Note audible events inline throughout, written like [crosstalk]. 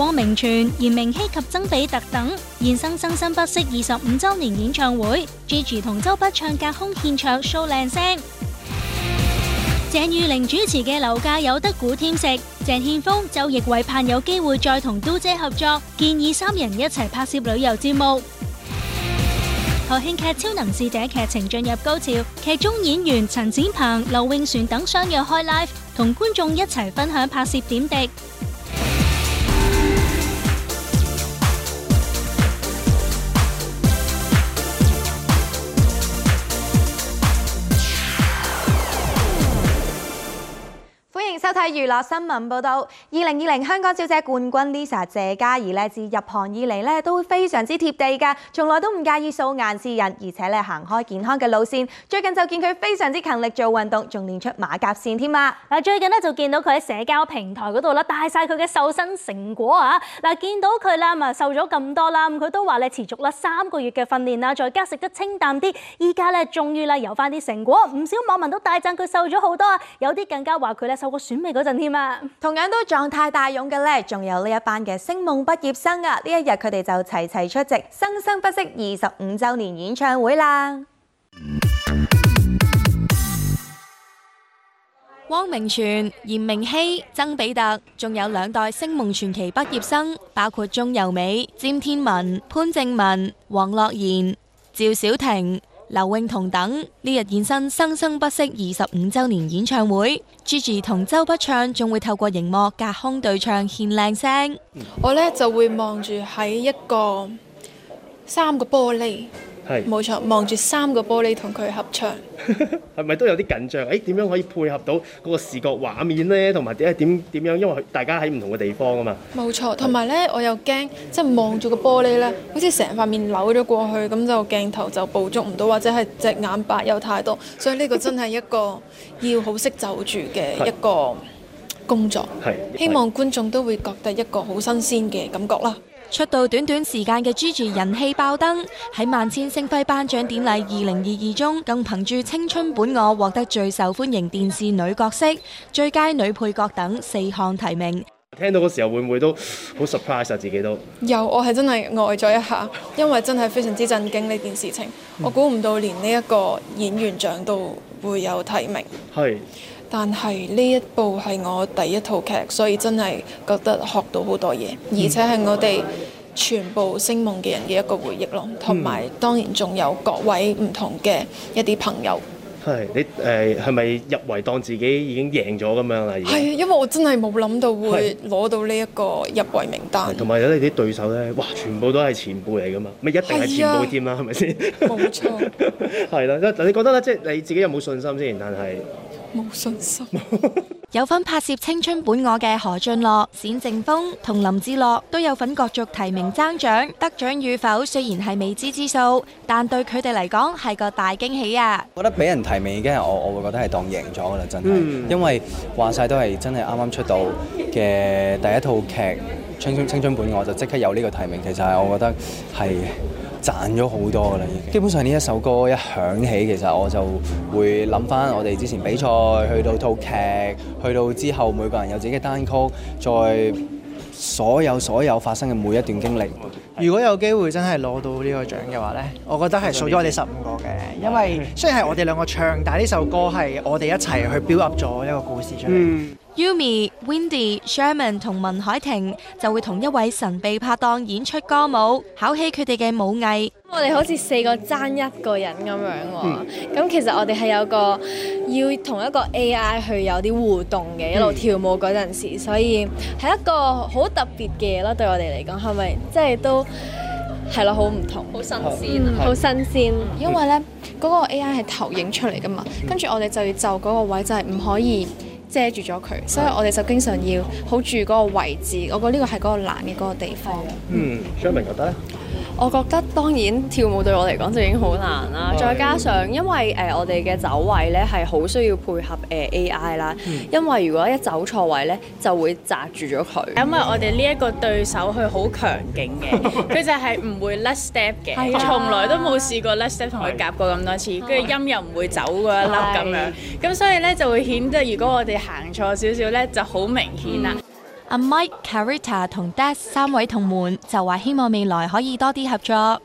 汪明荃、嚴明熙及曾比特等，現身生生不息二十五周年演唱會，G 睇娛樂新聞報道，二零二零香港小姐冠軍 Lisa 謝嘉怡咧，自入行以嚟咧都非常之貼地噶，從來都唔介意素顏示人，而且咧行開健康嘅路線。最近就見佢非常之勤力做運動，仲練出馬甲線添啊！嗱，最近咧就見到佢喺社交平台嗰度啦，帶晒佢嘅瘦身成果啊！嗱，見到佢啦，咪瘦咗咁多啦，咁佢都話咧持續啦三個月嘅訓練啦，再加食得清淡啲，依家咧終於啦有翻啲成果。唔少網民都大讚佢瘦咗好多，有啲更加話佢咧瘦過選嗰陣添啊，同樣都狀態大勇嘅呢，仲有呢一班嘅星夢畢業生啊！呢一日佢哋就齊齊出席《生生不息》二十五週年演唱會啦。汪明荃、嚴明熙、曾比特，仲有兩代星夢傳奇畢業生，包括鍾柔美、詹天文、潘靜文、黃樂賢、趙小婷、劉永彤等呢日現身《生生不息》二十五周年演唱會，Gigi 同周筆暢仲會透過熒幕隔空對唱獻靚聲。我呢就會望住喺一個三個玻璃。冇錯，望住三個玻璃同佢合唱，係咪 [laughs] 都有啲緊張？誒，點樣可以配合到嗰個視覺畫面呢？同埋點係點點樣？因為大家喺唔同嘅地方啊嘛。冇錯，同埋呢，我又驚即係望住個玻璃呢，好似成塊面扭咗過去，咁就鏡頭就捕捉唔到，或者係隻眼白又太多，所以呢個真係一個要好識走住嘅一個工作。 [laughs] 希望觀眾都會覺得一個好新鮮嘅感覺啦。出道短短時間嘅 Gigi 人氣爆燈，喺萬千星輝頒獎典禮二零二二中，更憑住青春本我獲得最受歡迎電視女角色、最佳女配角等四項提名。聽到嘅時候會唔會都好 surprise 啊？自己都有。我係真係呆咗一下，因為真係非常之震驚呢件事情。我估唔到連呢一個演員獎都會有提名。係。但係呢一部係我第一套劇，所以真係覺得學到好多嘢，而且係我哋全部星夢嘅人嘅一個回憶咯。同埋當然仲有各位唔同嘅一啲朋友。係你誒係咪入圍當自己已經贏咗咁樣啦？係、啊、因為我真係冇諗到會攞到呢一個入圍名單。同埋有你啲對手咧，哇！全部都係前輩嚟㗎嘛，咪一定係前輩添啦，係咪先？冇錯。係啦、 [laughs] 啊，但，你覺得咧，即係你自己有冇信心先？但係。冇信心。 [laughs] 有份拍攝《青春本我》嘅何俊樂、冼靖峰同林志樂都有份角逐提名爭獎，得獎與否雖然係未知之數，但對佢哋嚟講係個大驚喜啊我我！我覺得俾人提名已經係我我會覺得係當贏咗㗎啦，真係。嗯。因為話晒都係真係啱啱出道嘅第一套劇《青春青春本我》，就即刻有呢個提名，其實係我覺得係。賺咗好多㗎喇！基本上呢一首歌一響起，其實我就會諗返我哋之前比賽，去到套劇，去到之後每個人有自己嘅單曲，再所有所有發生嘅每一段經歷。如果有機會真係攞到呢個獎嘅話呢，我覺得係屬於我哋十五個嘅，因為雖然係我哋兩個唱，但係呢首歌係我哋一齊去 build up 咗一個故事出嚟。嗯。Yumi、Windy、Sherman 同文海婷就會同一位神秘拍檔演出歌舞，考起佢哋嘅舞藝。我哋好似四個爭一個人咁樣喎。咁、嗯、其實我哋係有個要同一個 AI 去有啲互動嘅，一路跳舞嗰陣時，嗯、所以係一個好特別嘅嘢咯。對我哋嚟講，係咪即係都係咯，好唔同，好新鮮、啊，好新鮮。因為呢嗰、嗰個 AI 係投影出嚟噶嘛，跟住我哋就要就嗰個位，就係唔可以。遮住咗佢，所以我哋就經常要好注意嗰個位置。我覺得呢個係嗰個難嘅嗰個地方。嗯，張明覺得咧。 [music] 我覺得當然跳舞對我嚟講就已經好難啦，的再加上因為誒、呃、我哋嘅走位咧係好需要配合誒、呃、AI 啦、嗯，因為如果一走錯位咧就會窒住咗佢，因為我哋呢一個對手佢好強勁嘅，佢 [laughs] 就係唔會甩 step 嘅，從來都冇試過甩 step。同佢夾過咁多次，跟住的音又唔會走嗰一粒咁樣，咁的所以咧就會顯得如果我哋行錯少少咧就好明顯啦。嗯阿 Mike、Carita 同 Des 三位同門就話希望未來可以多啲合作。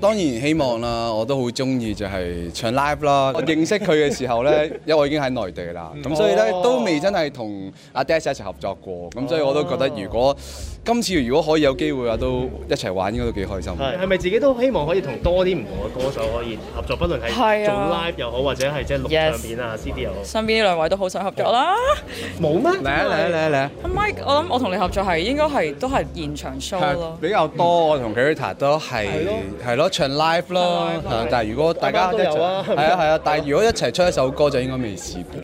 當然希望啦，我都好中意就係唱 live 啦。我認識佢嘅時候咧，因為我已經喺內地啦，咁所以咧都未真係同阿 DHS 一齊合作過。咁所以我都覺得，如果今次如果可以有機會啊，都一齊玩應該都幾開心。係咪自己都希望可以同多啲唔同嘅歌手可以合作，不論係做 live 又好，或者係即係錄唱片啊、CD 又好。身邊呢兩位都好想合作啦。冇咩嚟啊嚟啊嚟啊嚟啊！阿 Mike，我諗我同你合作係應該係都係現場 show 咯。比較多我同 Krita 都係。係咯，唱 live 咯 Hi, hi. 但係如果大家一齊，係啊係啊，是是但係如果一齊出一首歌就應該未試。 [laughs]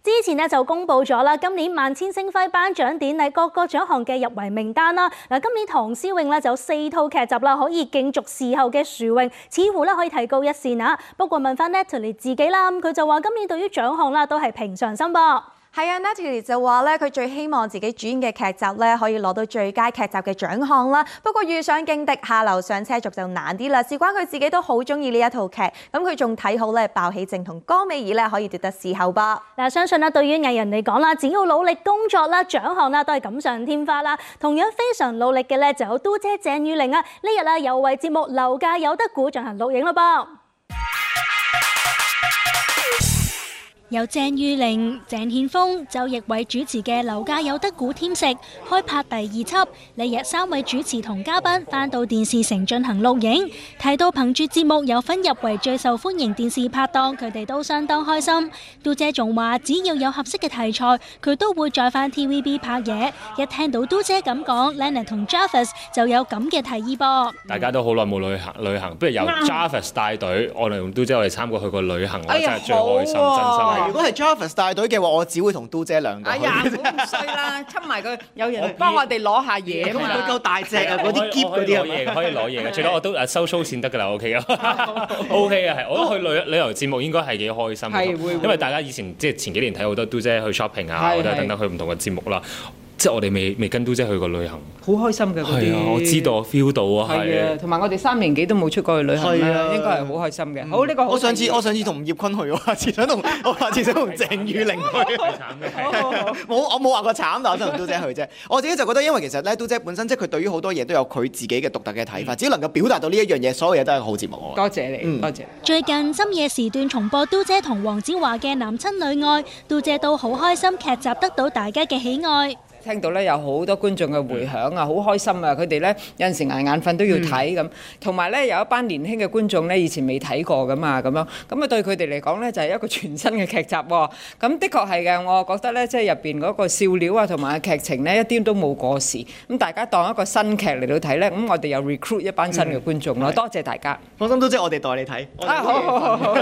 之前呢就公布咗啦，今年萬千星輝頒獎典禮各個獎項嘅入圍名單啦。嗱，今年唐詩詠呢就有四套劇集啦，可以競逐視後嘅殊榮，似乎咧可以提高一線嚇。不過問翻 Natalie 自己啦，佢就話今年對於獎項啦都係平常心噃。係啊，Natalie 就話咧，佢最希望自己主演嘅劇集咧可以攞到最佳劇集嘅獎項啦。不過遇上勁敵，下流上車族就難啲啦。事關佢自己都好中意呢一套劇，咁佢仲睇好咧鮑起靜同《江美儀》咧可以奪得視後噃。嗱，相信啦，對於藝人嚟講啦，只要努力工作啦，獎項啦都係錦上添花啦。同樣非常努力嘅咧，就有都姐鄭裕玲啊，呢日啊又為節目樓價有得估進行錄影啦噃。由鄭裕玲、鄭衍峰周奕瑋主持嘅《樓價有得估添食》開拍第二輯，嚟日三位主持同嘉賓翻到電視城進行錄影。睇到憑住節目有分入圍最受歡迎電視拍檔，佢哋都相當開心。嘟姐仲話，只要有合適嘅題材，佢都會再翻 TVB 拍嘢。一聽到嘟姐咁講 Lennon 同 Jarvis 就有咁嘅提議噃。大家都好耐冇旅行旅行，不如由 Jarvis 帶隊，嗯、我哋同嘟姐我哋參加去個旅行，我、哎、呦真係最開心真心。真如果係 Javis 帶隊嘅話，我只會同嘟姐兩個。哎呀，好衰啦，侵埋佢，有人幫我哋攞下嘢。咁佢夠大隻啊，嗰啲攰嗰啲攞嘢可以攞嘢嘅。最多我都收收錢得㗎啦，OK 啊，OK 啊，係。我覺得、 [laughs] [laughs] okay，去旅旅遊節目應該係幾開心。係、哦、因為大家以前即係前幾年睇好多嘟姐去 shopping 啊是，或者等等去唔同嘅節目啦。即係我哋未未跟都姐去過旅行，好開心嘅嗰啲係啊！我知道，我 feel 到啊，係啊，同埋我哋三年幾都冇出過去旅行啦，應該係好開心嘅。好呢個，我上次我上次同葉坤去喎，我次想同我下次想同鄭雨玲去嘅，冇我冇話過慘，但係我同都姐去啫。我自己就覺得，因為其實咧，都姐本身即係佢對於好多嘢都有佢自己嘅獨特嘅睇法，只要能夠表達到呢一樣嘢，所有嘢都係好節目。多謝你，多謝最近深夜時段重播《都姐同黃子華嘅男親女愛》，都姐都好開心，劇集得到大家嘅喜愛。聽到咧有好多觀眾嘅迴響啊，好開心啊！佢哋咧有陣時捱眼瞓都要睇咁，同埋咧有一班年輕嘅觀眾咧，以前未睇過噶嘛，咁樣咁啊對佢哋嚟講咧就係一個全新嘅劇集喎。咁的確係嘅，我覺得咧即係入邊嗰個笑料啊同埋劇情咧一啲都冇過時。咁大家當一個新劇嚟到睇咧，咁我哋又 recruit 一班新嘅觀眾咯。多謝大家，放心，多謝我哋代你睇。啊，好好好好。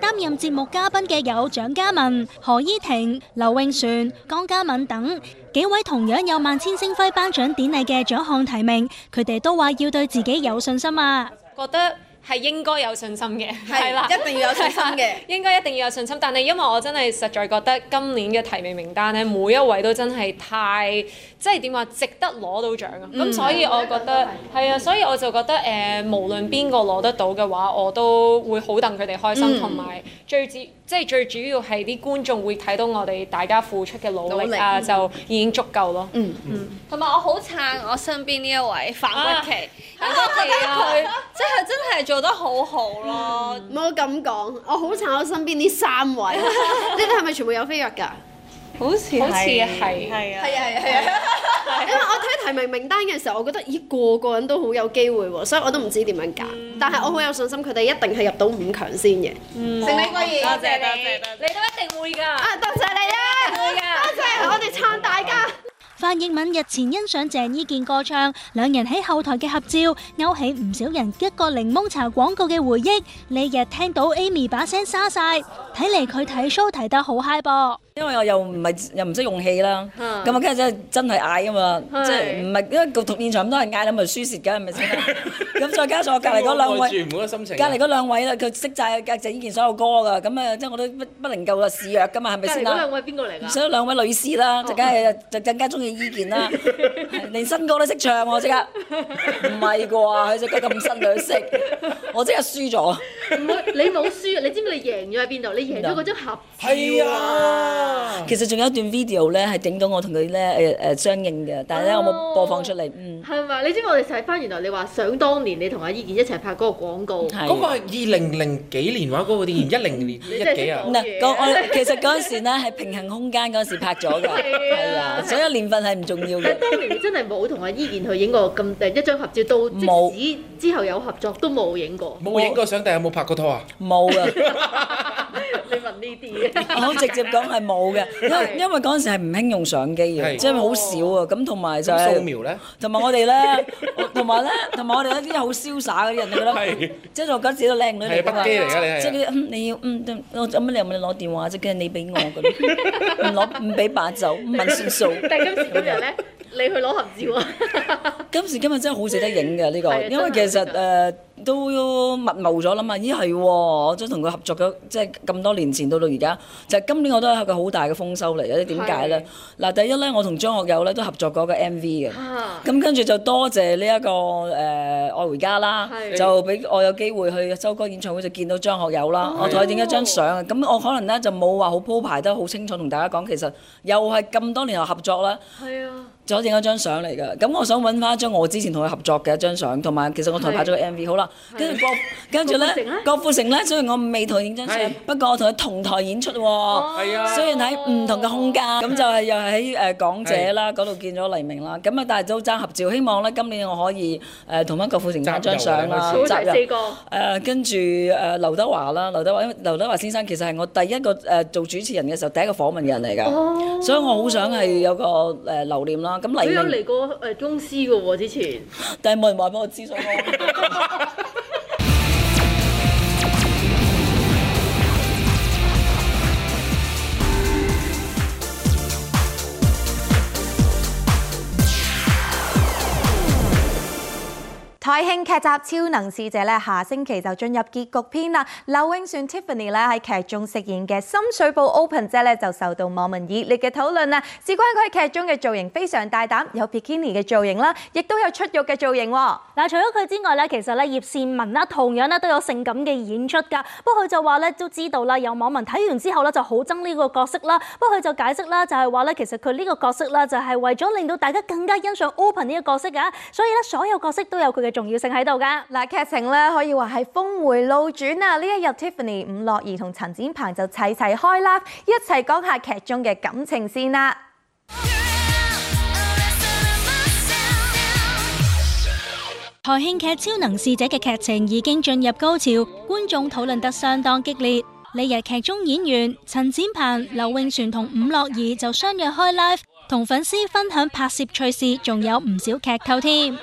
擔任節目嘉賓嘅有蔣家文、何依婷、劉永璇、江嘉敏。等幾位同樣有萬千星輝頒獎典禮嘅獎項提名，佢哋都話要對自己有信心啊！覺得係應該有信心嘅，係是啦，一定要有信心嘅， [laughs] 應該一定要有信心。但係因為我真係實在覺得今年嘅提名名單咧，每一位都真係太即係點話，值得攞到獎啊！咁、嗯嗯、所以我覺得係、嗯、啊，所以我就覺得誒，呃嗯、無論邊個攞得到嘅話，我都會好戥佢哋開心，同埋、嗯、最至。即係最主要係啲觀眾會睇到我哋大家付出嘅努力啊，就已經足夠咯。嗯嗯。同埋我好撐我身邊呢一位范瑋琪，因為我覺得佢即係真係做得好好咯。唔好咁講，我好撐我身邊呢三位。你哋係咪全部有飛躍㗎？好似係。係啊係啊係啊！因為我睇提名名單嘅時候，我覺得咦個個人都好有機會喎，所以我都唔知點樣揀。但係我好有信心，佢哋一定係入到五強先嘅。成李貴兒，多謝多謝，你都一定會㗎。啊，多謝你啊，多謝我哋撐大家。范逸敏日前欣賞鄭伊健歌唱，兩人喺後台嘅合照勾起唔少人一個檸檬茶廣告嘅回憶。呢日聽到 Amy 把聲沙曬，睇嚟佢睇 show 睇得好 high 噃。因為我又唔係又唔識用氣啦，咁啊跟住真係嗌啊嘛，即係唔係因為同現場咁多人嗌，咁咪輸蝕噶，係咪先？咁再加上我隔籬嗰兩位，隔籬嗰兩位咧，佢識晒鄭伊健所有歌噶，咁啊即係我都不能夠啊示弱噶嘛，係咪先啊？咁嗰兩位係邊個嚟噶？兩位女士啦，就梗係就更加中意伊健啦，連新歌都識唱喎，即刻唔係啩？佢隻歌咁新佢都識，我即刻輸咗。唔會，你冇輸，你知唔知你贏咗喺邊度？你贏咗嗰張合約啊！其實仲有一段 video 咧，係整到我同佢咧誒誒相認嘅，但係咧我冇播放出嚟。嗯，係嘛？你知唔知我哋睇翻原來你話想當年你同阿伊健一齊拍嗰個廣告？係。嗰個係二零零幾年話嗰個電影，一零年一幾啊？嗱，我其實嗰時咧係《平行空間》嗰時拍咗嘅。係啊，所有年份係唔重要嘅。但當年真係冇同阿伊健去影過咁誒一張合照，都即使之後有合作都冇影過。冇影過相，但係有冇拍過拖啊？冇啊。你問呢啲 [laughs] 我直接講係冇嘅，因為因為嗰陣時係唔興用相機嘅，是即係好少啊。咁同埋就係、是，同埋我哋咧，同埋咧，同埋我哋一啲好瀟灑嗰啲人，你 [laughs] 覺得， [laughs] 即係我覺得自己靚女，即係你要，嗯，你要嗯，我做乜你又唔攞電話，即係你俾我嗰啲，唔攞唔俾白酒，唔問算數。 [laughs] [laughs] 但係今時今日咧。 [laughs] 你去攞合照啊！ [laughs] 今時今日真係好捨得影嘅呢個， [laughs] 的因為其實誒、 [laughs] 呃、都密謀咗諗吓。咦係喎，我都同佢合作咗，即係咁多年前到到而家，就係今年我都係一個好大嘅豐收嚟。誒點解呢？嗱的、啊，第一呢，我同張學友呢都合作過一個 M V 嘅。咁、啊嗯、跟住就多謝呢、這、一個誒愛、呃、回家啦，的就俾我有機會去周哥演唱會就見到張學友啦。哦、我同佢影一張相，咁我可能呢就冇話好鋪排得好清楚同大家講，其實又係咁多年嚟合作啦。係啊的。再影一張相嚟㗎，咁我想揾翻一張我之前同佢合作嘅一張相，同埋其實我台拍咗個 MV，好啦，跟住郭，跟住咧郭富城咧，雖然我未同佢影張相，不過我同佢同台演出喎，雖然喺唔同嘅空間，咁就係又係喺誒港姐啦嗰度見咗黎明啦，咁啊但係都爭合照，希望咧今年我可以誒同翻郭富城拍張相啦，集入個，跟住誒劉德華啦，劉德華因為劉德華先生其實係我第一個誒做主持人嘅時候第一個訪問人嚟㗎，所以我好想係有個誒留念啦。佢有嚟過誒公司嘅喎，啊，之前， [laughs] 但係冇人話俾我知。所 [laughs] [laughs] 《台慶劇集超能使者》咧，下星期就進入結局篇啦。劉穎鏇 Tiffany 咧喺劇中飾演嘅深水埗 Open 姐咧，就受到網民熱烈嘅討論啦！事關佢劇中嘅造型非常大膽，有 Bikini 嘅造型啦，亦都有出肉嘅造型。嗱，除咗佢之外咧，其實咧葉倩文啦，同樣咧都有性感嘅演出㗎。不過佢就話咧都知道啦，有網民睇完之後咧就好憎呢個角色啦。不過佢就解釋啦，就係話咧，其實佢呢個角色啦，就係為咗令到大家更加欣賞 Open 呢個角色㗎，所以咧所有角色都有佢嘅。重要性喺度噶。嗱，劇情咧可以話係峰迴路轉啊！呢一日 Tiffany、伍樂怡同陳展鵬就齊齊開 live，一齊講下劇中嘅感情線啦。台慶劇《超能使者》嘅劇情已經進入高潮，觀眾討論得相當激烈。呢日劇中演員陳展鵬、劉永璇同伍樂怡就相約開 live，同粉絲分享拍攝趣事，仲有唔少劇透添。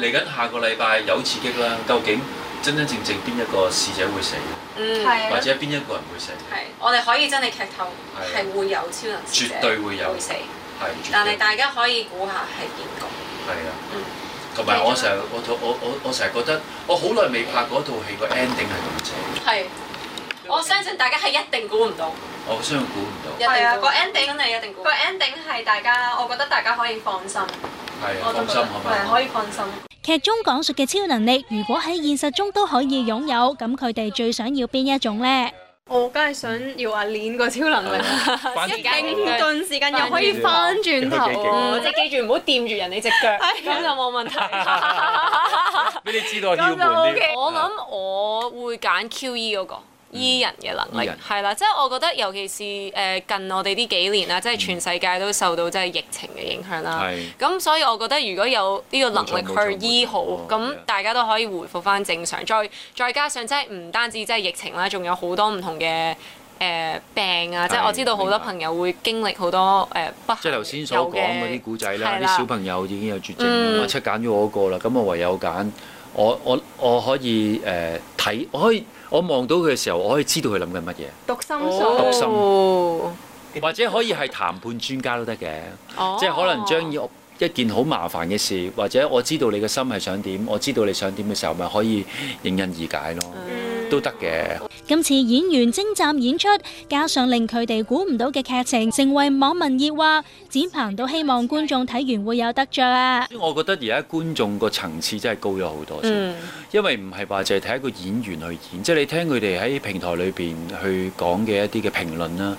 嚟緊下個禮拜有刺激啦！究竟真真正正邊一個侍者會死？嗯，或者邊一個人會死？係，我哋可以真係劇透，係會有超人侍者，絕對會有會死。係，但係大家可以估下係邊個？係啊，嗯，同埋我成日我我我我成日覺得我好耐未拍嗰套戲個 ending 係咁正。係，我相信大家係一定估唔到。我相信估唔到，一定個 ending 咁你一定。估個 ending 係大家，我覺得大家可以放心。放心，係可以放心。劇中講述嘅超能力，如果喺現實中都可以擁有，咁佢哋最想要邊一種呢？我梗係想要話練個超能力，一停頓時間又可以翻轉頭，即係記住唔好掂住人哋隻腳，咁就冇問題。俾你知道咁就 OK 啲。我諗我會揀 QE 嗰個。醫人嘅能力係啦、嗯，即係我覺得，尤其是誒、呃、近我哋呢幾年啦，即係全世界都受到即係、嗯、疫情嘅影響啦。咁是所以我覺得如果有呢個能力去醫好，咁大家都可以回復翻正常。哦、再的再加上即係唔單止即係疫情啦，仲有好多唔同嘅誒、呃、病啊！的即係我知道好多朋友會經歷好多誒不。即係頭先所講嗰啲古仔啦，啲啦小朋友已經有絕症，嗯、我出揀咗我一個啦，咁我唯有揀我我我可以誒睇，我可以。我望到佢嘅時候，我可以知道佢諗緊乜嘢，讀心術、oh. 或者可以係談判專家都得嘅，oh. 即係可能將一一件好麻煩嘅事，或者我知道你嘅心係想點，我知道你想點嘅時候，咪可以迎刃而解咯。Mm. 都得嘅。今次演員精湛演出，加上令佢哋估唔到嘅劇情，成為網民熱話。展鵬都希望觀眾睇完會有得着啊！我覺得而家觀眾個層次真係高咗好多，嗯、因為唔係話淨係睇一個演員去演，即係你聽佢哋喺平台裏邊去講嘅一啲嘅評論啦，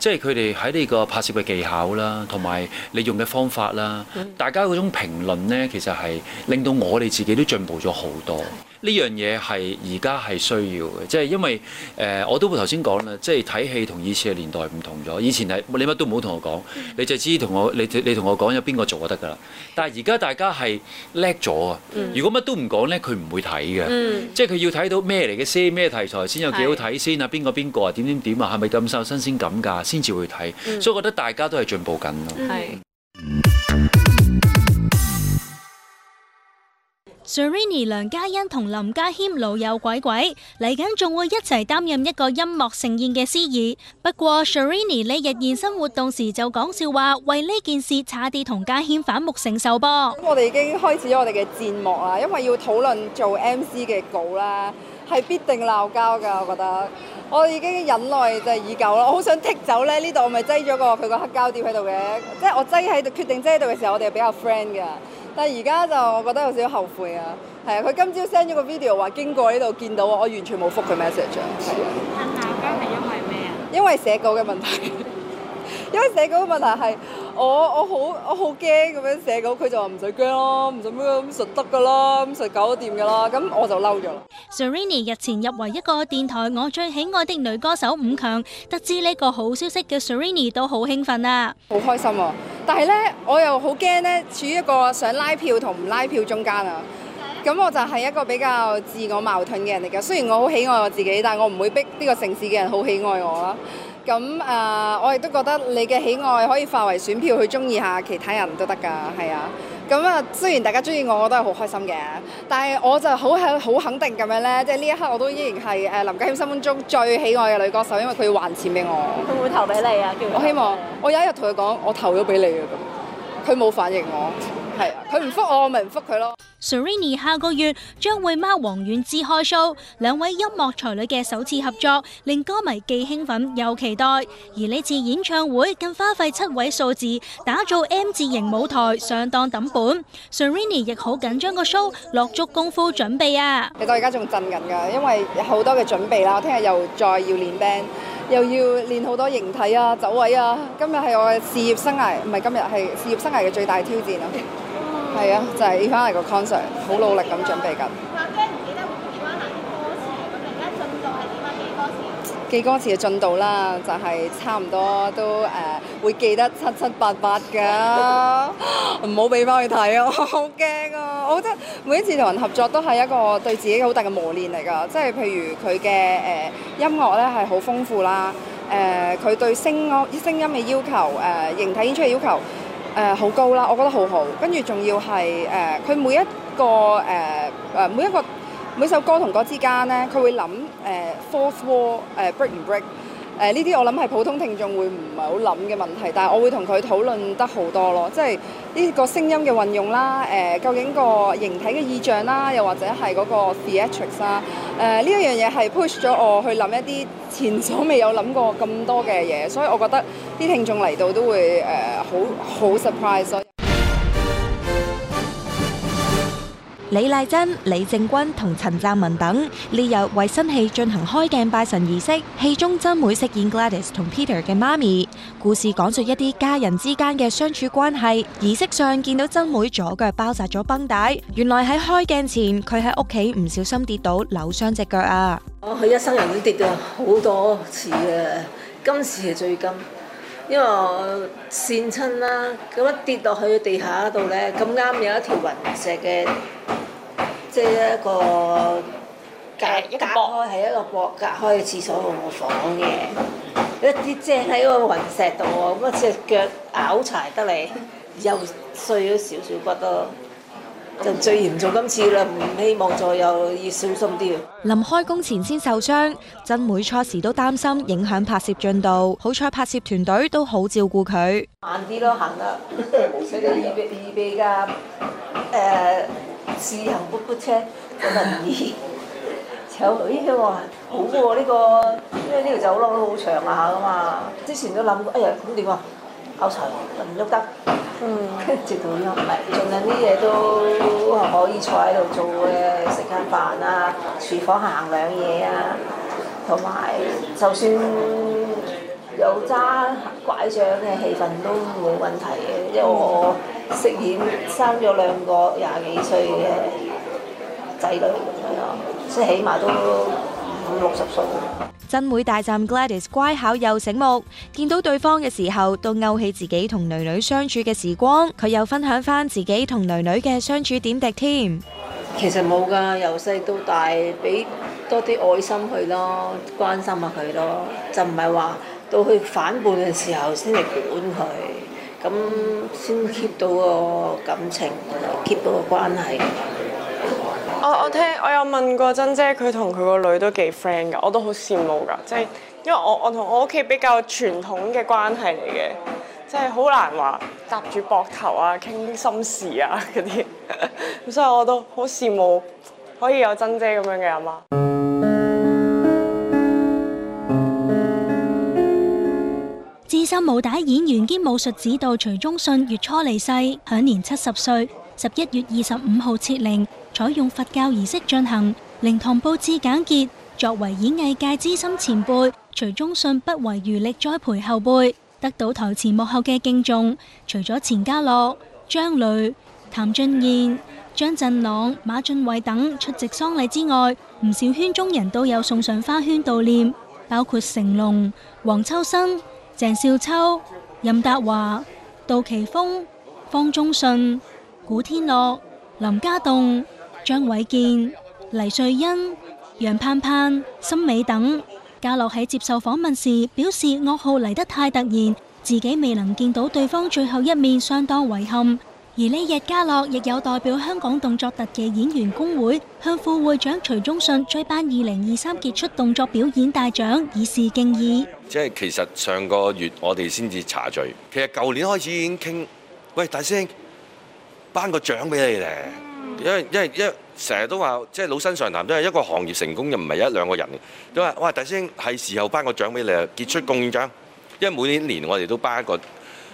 即係佢哋喺呢個拍攝嘅技巧啦，同埋你用嘅方法啦，大家嗰種評論咧，其實係令到我哋自己都進步咗好多。呢樣嘢係而家係需要嘅，即、就、係、是、因為誒、呃、我都會頭先講啦，即係睇戲同以前嘅年代唔同咗。以前係你乜都唔好同我講，嗯、你就知同我你你同我講有邊個做就得㗎啦。但係而家大家係叻咗啊！如果乜都唔講咧，佢唔會睇嘅。嗯、即係佢要睇到咩嚟嘅，寫咩題材先有幾好睇是先啊？邊個邊個啊？點點點啊？係咪咁受新鮮感㗎、啊？先至會睇。嗯、所以我覺得大家都係進步緊咯。嗯。Serrini 梁嘉欣同林家謙老友鬼鬼，嚟緊仲會一齊擔任一個音樂盛宴嘅司儀，不過 Serrini 呢日現身活動時就講笑話，為呢件事差啲同家謙反目成仇噃。咁我哋已經開始我哋嘅節目啦，因為要討論做 MC 嘅稿咧，係必定鬧交噶。我覺得我已經忍耐就已久啦，我好想踢走咧呢度，我咪擠咗個佢個黑膠碟喺度嘅，即係我擠喺度決定擠喺度嘅時候，我哋比較 friend 噶。但而家就我覺得有少少後悔啊，係啊，佢今朝 send 咗個 video 話經過呢度見到我，我完全冇復佢 message。係鬧交係因為咩啊？因為寫稿嘅問題。因為寫稿嘅問題係，我我好我好驚咁樣寫稿，佢就話唔使驚咯，唔使咩咁，實得噶啦，咁實搞得掂噶啦，咁我就嬲咗。Serrini 日前入圍一個電台我最喜愛的女歌手五強，得知呢個好消息嘅 Serrini 都好興奮啊，好開心喎、啊！但係咧，我又好驚咧，處於一個想拉票同唔拉票中間啊。咁我就係一個比較自我矛盾嘅人嚟嘅，雖然我好喜愛我自己，但係我唔會逼呢個城市嘅人好喜愛我啦。咁誒、嗯，我亦都覺得你嘅喜愛可以化為選票去中意下其他人都得㗎，係啊。咁、嗯、啊，雖然大家中意我，我都係好開心嘅。但係我就好肯好肯定咁樣呢。即係呢一刻我都依然係林家謙心目中最喜愛嘅女歌手，因為佢要還錢俾我。佢會、會投俾你啊？你我希望我有一日同佢講，我投咗俾你啊！咁佢冇反應我，係啊，佢唔復我，咪唔復佢咯。Sereni 下個月將會孖王菀之開 show，兩位音樂才女嘅首次合作，令歌迷既興奮又期待。而呢次演唱會更花費七位數字，打造 M 字型舞台，相當揼本。Sereni 亦好緊張個 show，落足功夫準備啊！其實我而家仲震緊噶，因為好多嘅準備啦。我聽日又再要練 band，又要練好多形體啊、走位啊。今日係我嘅事業生涯，唔係今日，係事業生涯嘅最大挑戰啊！係、嗯、啊，就係要翻嚟個 concert，好努力咁準備緊。我驚唔記得換點啊！難以忘而家進度係點啊？記歌詞嘅進度啦，就係、是、差唔多都誒、uh, 會記得七七八八㗎。唔、 [laughs] [laughs] 啊、 [laughs] 好俾翻佢睇啊！我好驚啊！我覺得每一次同人合作都係一個對自己好大嘅磨練嚟㗎。即、就、係、是、譬如佢嘅誒音樂咧係好豐富啦，誒、uh, 佢對聲音聲音嘅要求誒，形、uh, 體演出嘅要求。誒好、呃、高啦，我覺得好好，跟住仲要係誒，佢、呃、每一個誒誒、呃、每一個每首歌同歌之間咧，佢會諗誒、呃、fourth wall、呃、誒 break 唔 break。誒呢啲我諗係普通聽眾會唔係好諗嘅問題，但係我會同佢討論得好多咯，即係呢個聲音嘅運用啦，誒、呃、究竟個形體嘅意象啦，又或者係嗰個 theatrics 啦、啊，誒呢一樣嘢係 push 咗我去諗一啲前所未有諗過咁多嘅嘢，所以我覺得啲聽眾嚟到都會誒好、呃、好 surprise、啊。李麗珍、李靖筠同陳湛文等呢日為新戲進行開鏡拜神儀式，戲中珍妹飾演 Gladys 同 Peter 嘅媽咪，故事講著一啲家人之間嘅相處關係。儀式上見到珍妹左腳包紮咗繃帶，原來喺開鏡前佢喺屋企唔小心跌倒扭傷隻腳啊！佢一生人都跌咗好多次啊，今次係最金。因為我跣親啦，咁一跌落去地下嗰度呢，咁啱有一條雲石嘅，即係一個隔隔開，係一個隔開廁所同房嘅，一跌正喺個雲石度喎，咁啊隻腳拗柴得嚟，又碎咗少少骨咯。就最嚴重今次啦，唔希望再又要小心啲啊！臨開工前先受傷，真每初時都擔心影響拍攝進度，好彩拍攝團隊都好照顧佢。慢啲咯，行得，使你 [laughs] 預備預備架誒、呃、試行駛駛車，咁就易。有咦聲話好喎、啊、呢、呢個，因為呢條走廊都好長下噶嘛。之前都諗過，哎呀咁點呀，拗柴唔喐得。嗯，跟住到又唔係。儘量，啲嘢都可以坐喺度做嘅，食下飯啊，廚房行兩嘢啊，同埋就算有揸拐杖嘅氣氛都冇問題嘅，因為我飾演生咗兩個廿幾歲嘅仔女，咁樣咯，即係起碼都。真妹大讚 Gladys 乖巧又醒目，見到對方嘅時候，都勾起自己同囡囡相處嘅時光。佢又分享翻自己同囡囡嘅相處點滴添。其實冇㗎，由細到大，俾多啲愛心去咯，關心下佢咯，就唔係話到佢反叛嘅時候先嚟管佢，咁先 keep 到個感情，keep 到個關係。我我聽，我有問過珍姐，佢同佢個女都幾 friend 噶，我都好羨慕噶。即係因為我我同我屋企比較傳統嘅關係嚟嘅，即係好難話搭住膊頭啊，傾啲心事啊嗰啲。咁 [laughs] 所以我都好羨慕可以有珍姐咁樣嘅阿媽。資深武打演員兼武術指導徐忠信月初離世，享年七十歲。十一月二十五號設靈，採用佛教儀式進行，靈堂佈置簡潔。作為演藝界資深前輩，徐忠信不遺餘力栽培後輩，得到台前幕後嘅敬重。除咗錢嘉樂、張磊、譚俊彥、張振朗、馬浚偉等出席喪禮之外，唔少圈中人都有送上花圈悼念，包括成龍、黃秋生、鄭少秋、任達華、杜琪峰、方中信。古天樂、林家棟、張偉健、黎瑞恩、楊盼盼、森美等嘉樂喺接受訪問時表示噩耗嚟得太突然，自己未能見到對方最後一面，相當遺憾。而呢日嘉樂亦有代表香港動作特技演員工會向副會長徐忠信追頒二零二三傑出動作表演大獎，以示敬意。即係其實上個月我哋先至查罪，其實舊年開始已經傾，喂，大師兄。頒個獎俾你咧，因為因為因為成日都話即係老生常談，都係一個行業成功又唔係一兩個人嘅。都話哇，大師兄係時候頒個獎俾你啊！傑出貢獻獎，因為每年年我哋都頒一個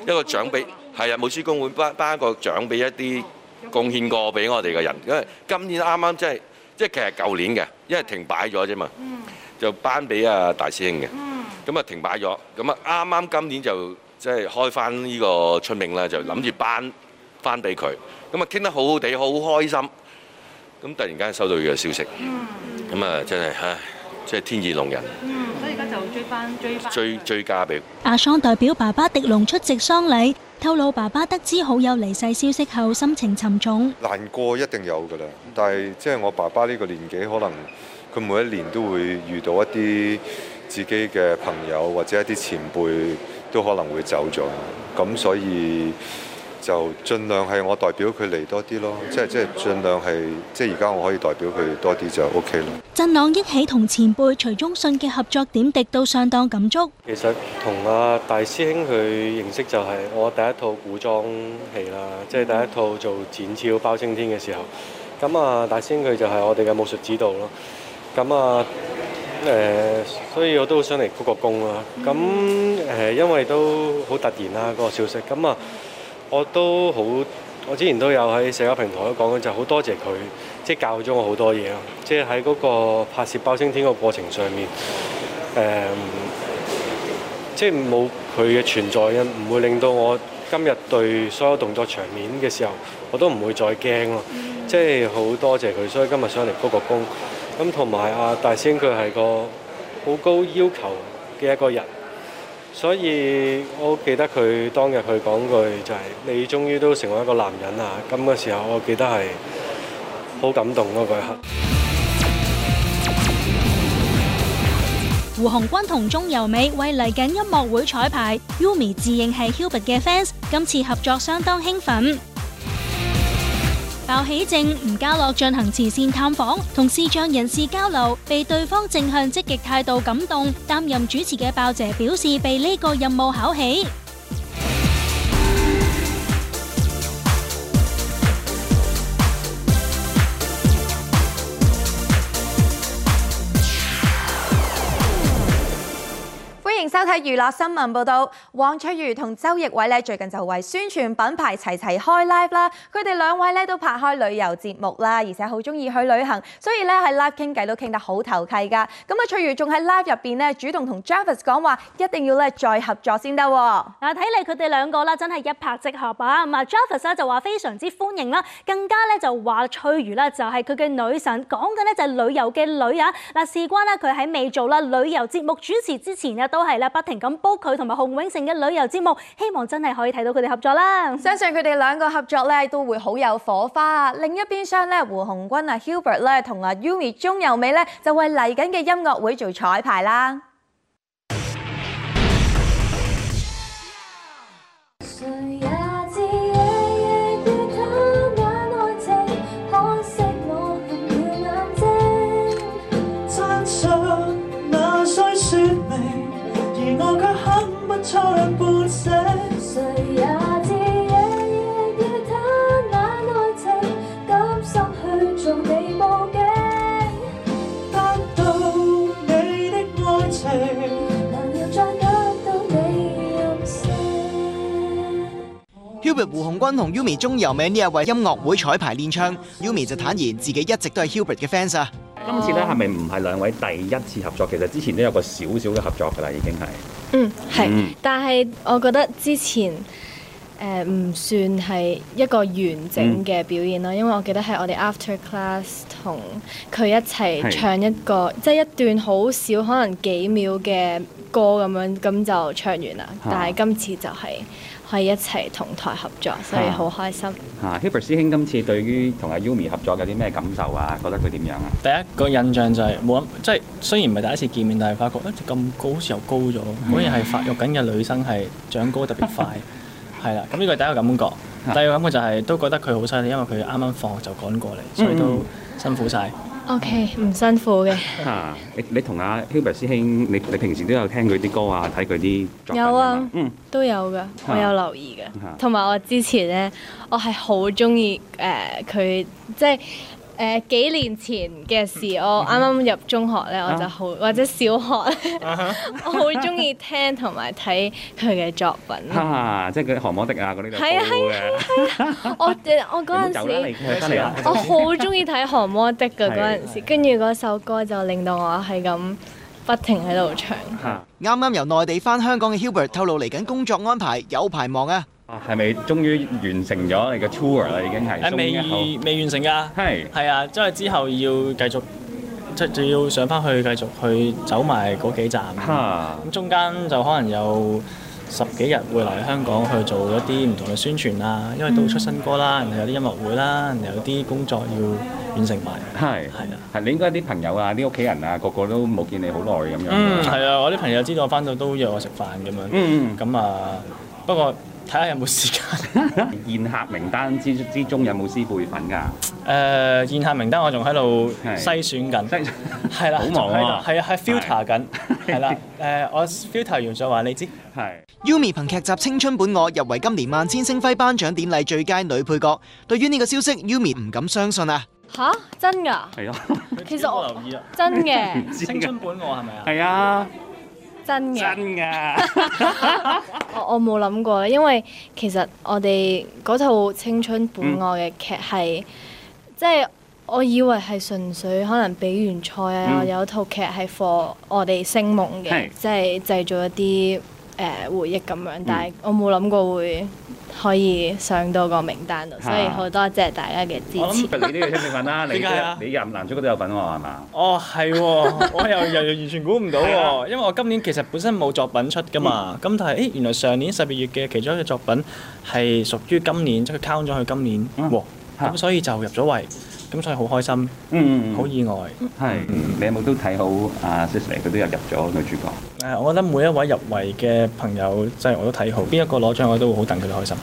一個獎俾係啊，武師公會頒頒一個獎俾一啲貢獻過俾我哋嘅人。因為今年啱啱即係即係其實舊年嘅，因為停擺咗啫嘛，就頒俾啊大師兄嘅。咁啊停擺咗，咁啊啱啱今年就即係開翻呢個春茗咧，就諗住頒。翻俾佢，咁啊傾得好好地，好開心。咁突然間收到呢個消息，咁啊真係唉，即係天意弄人。所以而家就追翻追翻追追嫁俾。阿桑代表爸爸狄龍出席喪禮，透露爸爸得知好友離世消息後，心情沉重。難過一定有噶啦，但係即係我爸爸呢個年紀，可能佢每一年都會遇到一啲自己嘅朋友或者一啲前輩都可能會走咗，咁所以。就儘量係我代表佢嚟多啲咯，即係即係儘量係即係而家我可以代表佢多啲就 OK 啦。振朗憶起同前輩徐忠信嘅合作，點滴都相當感觸。其實同阿大師兄佢認識就係我第一套古裝戲啦，即係、嗯、第一套做《展昭包青天》嘅時候。咁啊，大師兄佢就係我哋嘅武術指導咯。咁啊，誒、呃，所以我都好想嚟鞠個躬啦。咁誒、呃，因為都好突然啦，嗰、那個消息。咁啊。我都好，我之前都有喺社交平台都講過，就好多謝佢，即係教咗我好多嘢咯。即係喺嗰個拍攝《包青天》嘅過程上面，誒、嗯，即係冇佢嘅存在，啊，唔會令到我今日對所有動作場面嘅時候，我都唔會再驚咯。即係好多謝佢，所以今日上嚟鞠個躬。咁同埋阿大仙，佢係個好高要求嘅一個人。所以我記得佢當日佢講句就係：你終於都成為一個男人啦！咁、這、嘅、個、時候，我記得係好感動咯嗰一刻。胡鴻鈞同鍾柔美為嚟緊音樂會彩排、y、，Umi 自認係 Hubert 嘅 fans，今次合作相當興奮。鮑起靜吳家樂進行慈善探訪，同視障人士交流，被對方正向積極態度感動。擔任主持嘅鮑姐表示，被呢個任務考起。娛樂新聞報道，黃翠如同周奕偉咧，最近就為宣傳品牌齊齊開 live 啦。佢哋兩位咧都拍開旅遊節目啦，而且好中意去旅行，所以咧喺 live 傾偈都傾得好投契噶。咁啊翠如仲喺 live 入邊咧主動同 Jeffers 講話，一定要咧再合作先得。嗱，睇嚟佢哋兩個啦，真係一拍即合啊！咁啊 Jeffers 就話非常之歡迎啦，更加咧就話翠如咧就係佢嘅女神，講緊咧就係旅遊嘅女啊。嗱，事關咧佢喺未做啦旅遊節目主持之前啊，都係咧不停咁煲佢同埋洪永城嘅旅遊節目，希望真係可以睇到佢哋合作啦。相信佢哋兩個合作咧都會好有火花。另一邊廂咧，胡鴻鈞啊、Hubert 咧同啊、y、Umi 鍾柔美咧就為嚟緊嘅音樂會做綵排啦。洪君同 Yumi 鍾柔美呢一位音樂會彩排練唱，Yumi 就坦言自己一直都係 Hubert 嘅 fans 啊。今次咧係咪唔係兩位第一次合作？其實之前都有個少少嘅合作噶啦，已經係。嗯，係，嗯、但係我覺得之前誒唔、呃、算係一個完整嘅表演咯，嗯、因為我記得係我哋 After Class 同佢一齊唱一個，即係是一段好少可能幾秒嘅歌咁樣，咁就唱完啦。嗯、但係今次就係、是。係一齊同台合作，所以好開心。啊 Hubert 師兄，今次對於同阿 Yumi 合作有啲咩感受啊？覺得佢點樣啊？第一個印象就係、是、冇即係雖然唔係第一次見面，但係發覺跟住咁高，好似又高咗，mm hmm. 好似係發育緊嘅女生係長高特別快，係啦。 [laughs] 咁呢個第一個感覺。第二個感覺就係、是、都覺得佢好犀利，因為佢啱啱放學就趕過嚟，所以都辛苦晒。Mm hmm. OK，唔辛苦嘅。嚇、啊！你你同阿 Hubert 師兄，你你平時都有聽佢啲歌啊，睇佢啲作品啊，有啊，嗯，都有嘅，我有留意嘅。同埋、啊、我之前咧，我係好中意誒佢，即係。誒、呃、幾年前嘅事，我啱啱入中學咧，我就好或者小學咧， [laughs] 我好中意聽同埋睇佢嘅作品。 [laughs] 啊、即係嗰啲《寒摩滴》啊嗰啲就係好嘅。我 [laughs] 我嗰陣時，我好中意睇《寒摩滴》噶，嗰陣時，跟住嗰首歌就令到我係咁不停喺度唱。啱啱 [laughs] 由內地返香港嘅 Hubert 透露，嚟緊工作安排有排忙啊！係咪終於完成咗你嘅 tour 啦？已經係未完成㗎？係係啊，即係之後要繼續，即係仲要上翻去繼續去走埋嗰幾站。咁中間就可能有十幾日會嚟香港去做一啲唔同嘅宣傳啦，因為都出新歌啦，然後有啲音樂會啦，然後有啲工作要完成埋。係係啊，係你應該啲朋友啊、啲屋企人啊，個個都冇見你好耐咁樣。嗯，係啊，我啲朋友知道我翻到都約我食飯咁樣。嗯，咁啊，不過。睇下有冇時間。 [laughs] 宴客名單之之中有冇師輩份㗎？誒宴、uh, 客名單我仲喺度篩選緊 [laughs] 是，係啦，好忙啊，係啊，係 filter 緊、 [laughs] 嗯，係啦、嗯。誒我 filter 完再話你知。係。 [laughs] umi 憑劇集《青春本我》入圍今年萬千星輝頒，頒獎典禮最佳女配角，對於呢個消息，y，Umi 唔敢相信啊！吓？真㗎？係咯。其實我留意啊。真嘅。青春本我係咪 [laughs] 啊？係啊。真嘅的、啊， [laughs] [laughs] 我我冇諗過。因為其實我哋嗰套《青春本愛》嘅劇係，即係我以為係純粹可能比完賽啊，嗯、有一套劇係 for 我哋星夢嘅，即係、嗯、製造一啲。誒、呃、回憶咁樣，但係我冇諗過會可以上到個名單度，嗯、所以好多謝，謝大家嘅支持。我諗你呢個都有份啦，你你入男組都有份喎，係嘛？哦，係喎、哦， [laughs] 我又又，又完全估唔到喎、哦， [laughs] 因為我今年其實本身冇作品出噶嘛，咁、嗯、但係誒、欸、原來上年十二月嘅其中一個作品係屬於今年，即係 count 咗去今年喎，咁、嗯、所以就入咗圍。咁所以好開心，嗯嗯好意外。係，嗯、你有冇都睇好阿 Sister 佢都有入咗女主角。誒，我覺得每一位入圍嘅朋友，即係我都睇好，邊一個攞獎我都會好戥佢哋開心。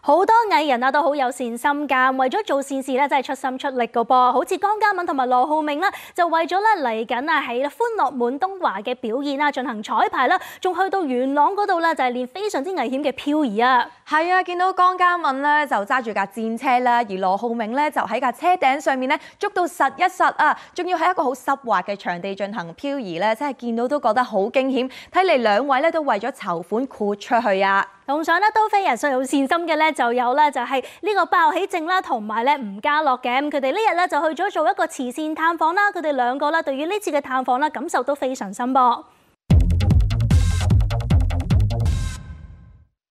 好多藝人啊，都好有善心㗎，為咗做善事咧，真係出心出力個噃。好似江嘉敏同埋羅浩銘啦，就為咗咧嚟緊啊，喺《歡樂滿東華》嘅表演啊，進行彩排啦，仲去到元朗嗰度咧，就係練非常之危險嘅漂移啊！係啊，見到江嘉敏咧就揸住架戰車啦，而羅浩銘咧就喺架車頂上面咧捉到實一實啊，仲要喺一個好濕滑嘅場地進行漂移咧，真係見到都覺得好驚險。睇嚟兩位咧都為咗籌款豁出去啊！同上咧都非常有善心嘅咧，就有咧就係呢個鮑起靜啦，同埋咧吳家樂嘅，佢哋呢日咧就去咗做一個慈善探訪啦。佢哋兩個啦對於呢次嘅探訪啦感受都非常深薄。博。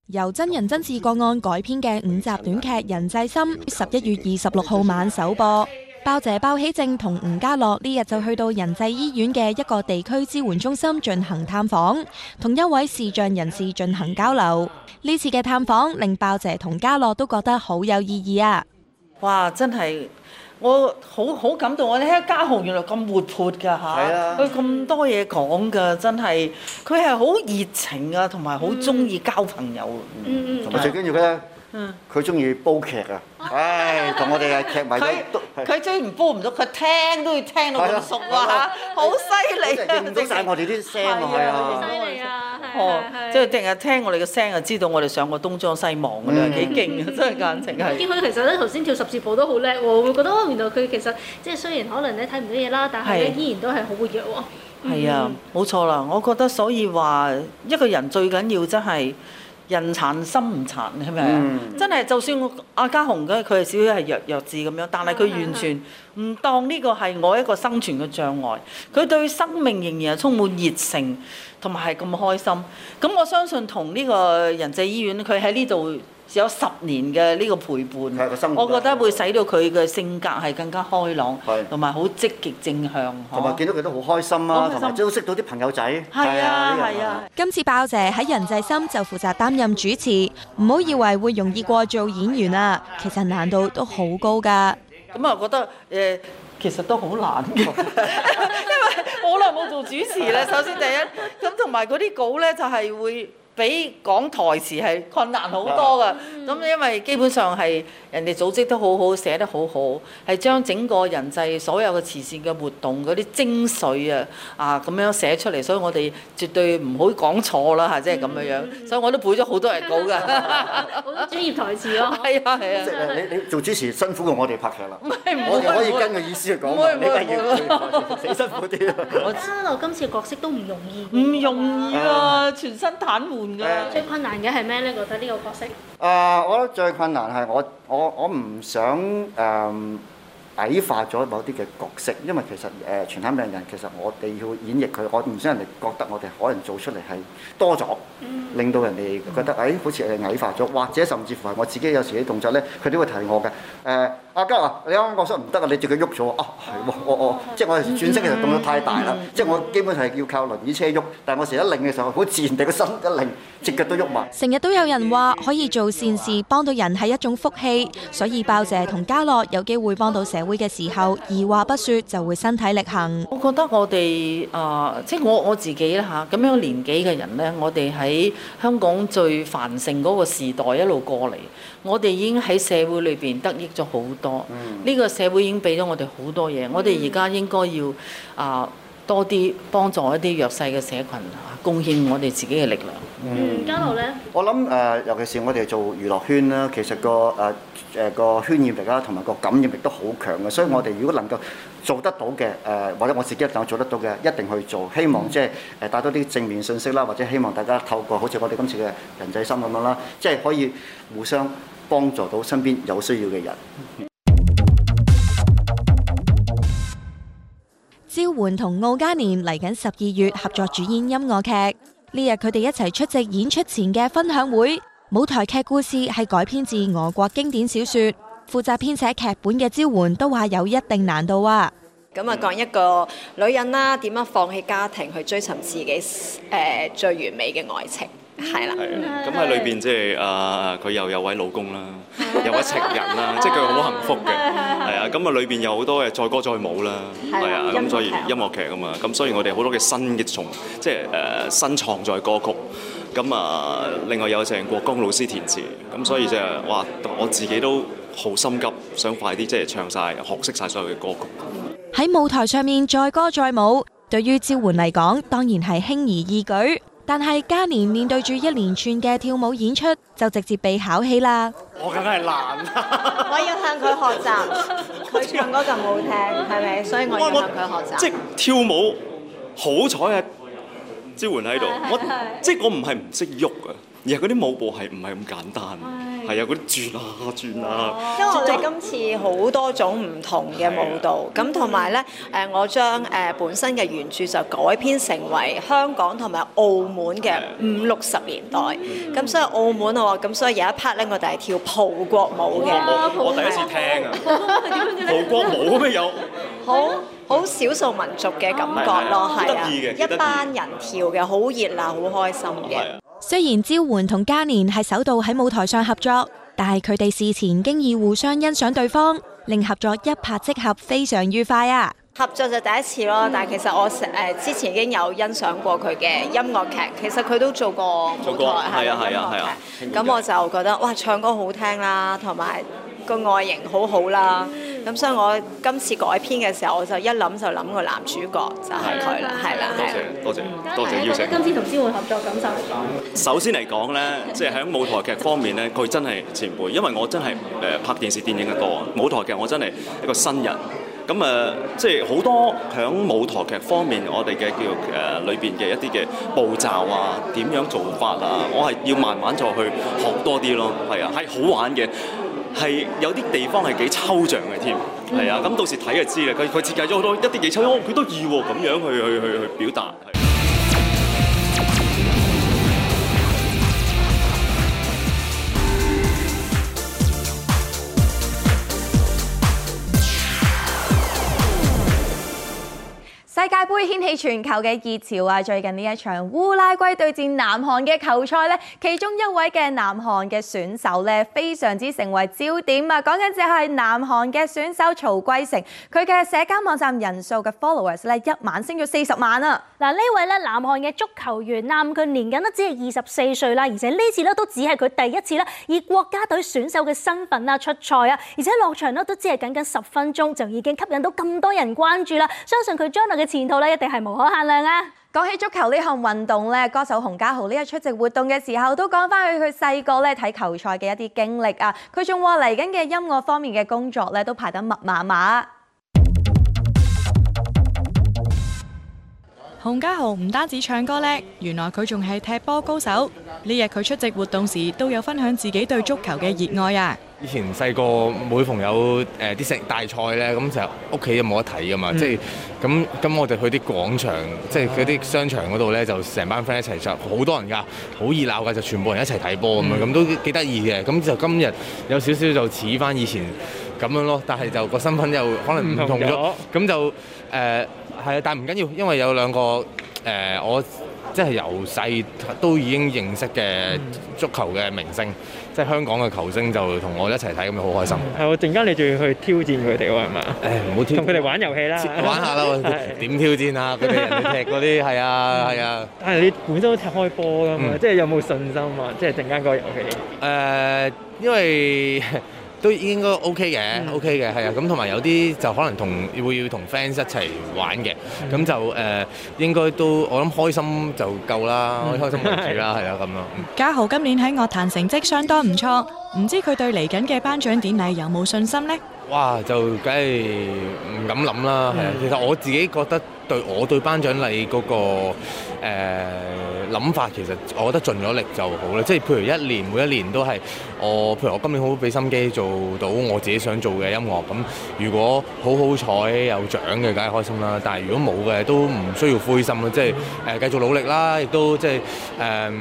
由真人真事個案改編嘅五集短劇《人際心》十一月二十六號晚首播。鮑姐、鮑起靜同吳家樂呢日就去到仁濟醫院嘅一個地區支援中心進行探訪，同一位視障人士進行交流。呢次嘅探訪令鮑姐同家樂都覺得好有意義啊！哇，真係～我好好感動，我哋睇下家豪，原來咁活潑㗎嚇，佢咁的多嘢講㗎，真係佢係好熱情啊，同埋好中意交朋友，同埋、嗯嗯、最緊要咧。佢中意煲劇啊，唉，同我哋啊劇迷都，佢佢追唔煲唔到，佢聽都要聽到咁熟喎，好犀利啊！識曬我哋啲聲啊，犀利啊，係，即係成日聽我哋嘅聲就知道我哋上過東張西望㗎啦，幾勁、嗯嗯、啊，真係眼晴，見佢其實咧頭先跳十字步都好叻喎，會覺得原來佢其實即係雖然可能你睇唔到嘢啦，但係依然都係好活躍喎。係啊，冇錯啦，我覺得所以話一個人最緊要真係。人殘心唔殘，係咪啊？嗯、真係，就算我阿嘉紅嘅佢係少少係弱弱智咁樣，但係佢完全唔當呢個係我一個生存嘅障礙。佢對生命仍然係充滿熱誠，同埋係咁開心。咁我相信同呢個仁濟醫院，佢喺呢度。有十年嘅呢個陪伴，我覺得會使到佢嘅性格係更加開朗，同埋好積極正向。同埋見到佢都好開心啊，同埋都識到啲朋友仔。係啊，係啊。啊，啊今次爆姐喺《人際心》就負責擔任主持，唔好以為會容易過做演員啊，其實難度都好高㗎。咁啊、嗯，我覺得誒、呃，其實都好難、啊， [laughs] [laughs] [laughs] 因為好耐冇做主持啦。首先第一，咁同埋嗰啲稿咧就係會，比講台詞係困難好多噶，咁因為基本上係人哋組織得好好，寫得好好，係將整個人際所有嘅慈善嘅活動嗰啲精髓啊，啊咁樣寫出嚟，所以我哋絕對唔好講錯啦嚇，即係咁樣樣，所以我都背咗好多人稿㗎。好專業台詞咯，係啊係啊。你你做主持辛苦過我哋拍劇啦。唔係唔會，我哋可以跟個意思去講㗎，你不如辛苦啲。我真我今次角色都唔容易。唔容易啊，全身癱瘓。最困難嘅係咩咧？覺得呢個角色啊，uh, 我覺得最困難係我我我唔想誒，Um 矮化咗某啲嘅角色，因為其實誒、呃、全殘病人，其實我哋要演繹佢，我唔想人哋覺得我哋可能做出嚟係多咗，令到人哋覺得誒、哎、好似係矮化咗，或者甚至乎係我自己有時啲動作咧，佢都會提我嘅。誒，阿嘉啊，你啱啱講出唔得啊，你對腳喐咗啊，係、哦，哦、我我即係我轉身其實動作太大啦，嗯、即係我基本上係要靠輪椅車喐，但係我成日擰嘅時候，好自然地個身一擰，隻腳都喐埋。成日都有人話可以做善事幫到人係一種福氣，所以包姐同嘉樂有機會幫到社。會嘅時候，二話不說就會身體力行。我覺得我哋啊、呃，即係我我自己啦吓，咁、啊、樣年紀嘅人咧，我哋喺香港最繁盛嗰個時代一路過嚟，我哋已經喺社會裏邊得益咗好多。呢、mm. 個社會已經俾咗我哋好多嘢，我哋而家應該要啊。呃多啲幫助一啲弱勢嘅社羣，貢獻我哋自己嘅力量。嗯，家豪咧，我諗誒、呃，尤其是我哋做娛樂圈啦，其實個誒誒、呃、個宣揚力啦，同埋個感染力都好強嘅，所以我哋如果能夠做得到嘅誒，或者、呃、我自己想做得到嘅，一定去做。希望即係誒帶多啲正面信息啦，或者希望大家透過好似我哋今次嘅人際心咁樣啦，即係可以互相幫助到身邊有需要嘅人。招援同敖嘉年嚟緊十二月合作主演音樂劇，呢日佢哋一齊出席演出前嘅分享會。舞台劇故事係改編自俄國經典小說，負責編寫劇本嘅招援都話有一定難度啊。咁啊、嗯，講一個女人啦，點樣放棄家庭去追尋自己誒、呃、最完美嘅愛情。係啦，咁喺裏邊即係啊，佢、就是呃、又有位老公啦，有位情人啦， [laughs] 即係佢好幸福嘅，係啊 [laughs] 的，咁啊的，裏邊有好多嘅載歌載舞啦，係啊的，咁、嗯、所以音樂劇啊嘛，咁所以我哋好多嘅新嘅重，即係誒、呃、新創作歌曲，咁、嗯、啊，另外有鄭國江老師填詞，咁所以就是、哇，我自己都好心急，想快啲即係唱晒、學識晒所有嘅歌曲。喺舞台上面載歌載舞，對於招援嚟講，當然係輕而易舉。但係嘉年面對住一連串嘅跳舞演出，就直接被考起啦！我梗係難， [laughs] 我要向佢學習。佢唱歌就冇聽，係咪？所以我要向佢學習。即、就是、跳舞，好彩啊！支援喺度、就是，我即係我唔係唔識喐啊，而係嗰啲舞步係唔係咁簡單。係啊！嗰啲轉啊轉啊，因為我哋今次好多種唔同嘅舞蹈，咁同埋咧誒，我將誒本身嘅原著就改編成為香港同埋澳門嘅五六十年代。咁所以澳門啊喎，咁所以有一 part 咧，我哋係跳葡國舞嘅，我第一次聽啊！咁葡國舞咩有？好好少數民族嘅感覺咯，係啊！一班人跳嘅，好熱鬧，好開心嘅。雖然招魂同嘉年係首度喺舞台上合作，但係佢哋事前經已互相欣賞對方，令合作一拍即合，非常愉快啊！合作就第一次咯，嗯、但係其實我誒、呃、之前已經有欣賞過佢嘅音樂劇，其實佢都做過舞台，係啊係啊係啊，咁我就覺得哇，唱歌好聽啦，同埋。個外形好好啦，咁所以我今次改編嘅時候，我就一諗就諗個男主角就係佢啦，係啦，係啦。多謝多謝多謝，邀請。今次同師妹合作，感受嚟講，首先嚟講呢，即係喺舞台劇方面呢，佢真係前輩，因為我真係誒拍電視電影嘅多啊，舞台劇我真係一個新人。咁誒，即係好多喺舞台劇方面，我哋嘅叫誒裏邊嘅一啲嘅步驟啊，點樣做法啊，我係要慢慢再去學多啲咯。係啊，係好玩嘅。係有啲地方係幾抽象嘅添，係啊、嗯，咁到時睇就知啦。佢，佢設計咗好多一啲幾抽象，佢都意喎咁樣去去去去表達。世界杯掀起全球嘅熱潮啊！最近呢一場烏拉圭對戰南韓嘅球賽咧，其中一位嘅南韓嘅選手咧，非常之成為焦點啊！講緊就係南韓嘅選手曹圭成，佢嘅社交網站人數嘅 followers 咧，一晚升咗四十萬啊！嗱，呢位咧南韓嘅足球員啊，佢年僅都只係二十四歲啦，而且呢次咧都只係佢第一次咧以國家隊選手嘅身份啊出賽啊，而且落場咧都只係僅僅十分鐘就已經吸引到咁多人關注啦！相信佢將來嘅前途咧一定係無可限量啊！講起足球呢項運動咧，歌手洪嘉豪呢日出席活動嘅時候都講翻佢佢細個咧睇球賽嘅一啲經歷啊！佢仲話嚟緊嘅音樂方面嘅工作咧都排得密麻麻。洪嘉豪唔單止唱歌叻，原來佢仲係踢波高手。呢日佢出席活動時都有分享自己對足球嘅熱愛啊！以前細個每逢有誒啲、呃、食大賽咧，咁就屋企又冇得睇噶嘛，嗯、即係咁咁我就去啲廣場，啊、即係嗰啲商場嗰度咧，就成班 friend 一齊就好多人噶，好熱鬧噶，就全部人一齊睇波咁樣，咁、嗯、都幾得意嘅。咁就今日有少少就似返以前咁樣咯，但係就個身份又可能唔同咗，咁就誒係啊，但係唔緊要，因為有兩個誒、呃、我。即係由細都已經認識嘅足球嘅明星，嗯、即係香港嘅球星就同我一齊睇，咁樣好開心。係喎、嗯，陣間你仲要去挑戰佢哋喎，係嘛、嗯？誒吧，唔好挑。同佢哋玩遊戲啦，玩下啦，點的挑戰啊？佢哋 [laughs] 人哋踢嗰啲係啊，係啊、嗯。但係你本身都踢開波㗎嘛？即係有冇信心啊？即係陣間嗰個遊戲。嗯、因為。都應該 OK 嘅，OK 嘅，係啊，咁同埋有啲就可能同會要同 fans 一齊玩嘅，咁就誒應該都我諗開心就夠啦，開心就夠啦，係啊，咁咯。家豪今年喺樂壇成績相當唔錯，唔知佢對嚟緊嘅頒獎典禮有冇信心呢？哇，就梗係唔敢諗啦，係啊，其實我自己覺得。對我對頒獎禮嗰個誒諗法，其實我覺得盡咗力就好啦。即係譬如一年每一年都係我，譬如我今年好俾心機做到我自己想做嘅音樂。咁如果好好彩有獎嘅，梗係開心啦。但係如果冇嘅，都唔需要灰心啦。即係誒繼續努力啦，亦都即係誒誒。呃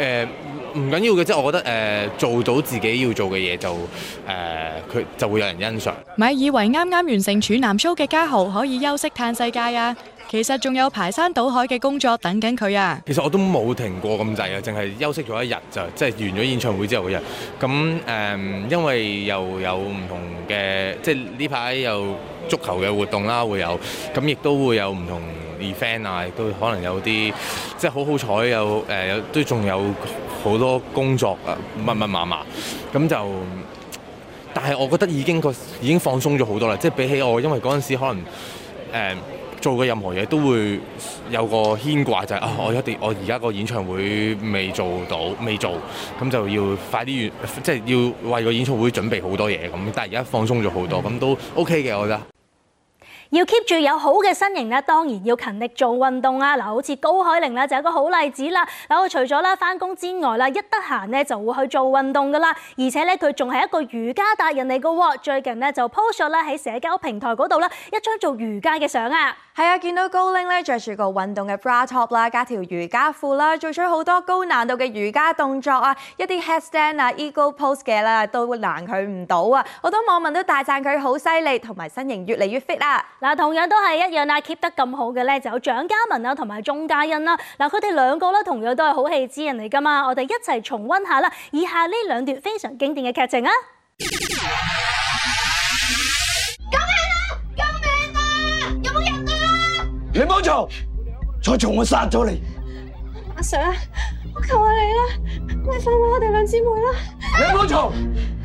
呃唔緊要嘅，即係我覺得誒、呃、做到自己要做嘅嘢就誒佢、呃、就會有人欣賞。咪以為啱啱完成處男 show 嘅家豪可以休息嘆世界啊？其實仲有排山倒海嘅工作等緊佢啊！其實我都冇停過咁滯啊，淨係休息咗一日就即、是、係完咗演唱會之後嘅日。咁誒、嗯，因為又有唔同嘅，即係呢排有足球嘅活動啦，會有咁亦都會有唔同。event 啊，亦都可能有啲，即係好好彩有誒，都、呃、仲有好多工作啊，密密麻麻咁就，但係我覺得已經個已經放鬆咗好多啦，即係比起我因為嗰陣時可能誒、呃、做嘅任何嘢都會有個牽掛、就是，就係啊，我一定我而家個演唱會未做到未做，咁就要快啲完，即係要為個演唱會準備好多嘢咁，但係而家放鬆咗好多，咁、嗯、都 OK 嘅，我覺得。要 keep 住有好嘅身形咧，當然要勤力做運動啊！嗱，好似高海寧咧就係一個好例子啦。嗱，佢除咗咧返工之外啦，一得閒咧就會去做運動噶啦，而且咧佢仲係一個瑜伽達人嚟噶。最近咧就 post 咗咧喺社交平台嗰度啦，一張做瑜伽嘅相啊。係啊，見到高鈴咧着住個運動嘅 bra top 啦，加條瑜伽褲啦，做咗好多高難度嘅瑜伽動作啊，一啲 headstand 啊、eagle pose 嘅啦都難佢唔到啊！好多網民都大讚佢好犀利，同埋身形越嚟越 fit 啦。嗱，同樣都係一樣啦，keep 得咁好嘅咧，就有蔣嘉文啦，同埋鍾嘉欣啦。嗱，佢哋兩個咧，同樣都係好戲之人嚟噶嘛。我哋一齊重溫下啦，以下呢兩段非常經典嘅劇情啊！救命啊！救命啊！有冇人啊？你唔好嘈，再嘈我殺咗你！阿、啊、Sir，我求下你啦，你放我我哋兩姊妹啦！你唔好嘈。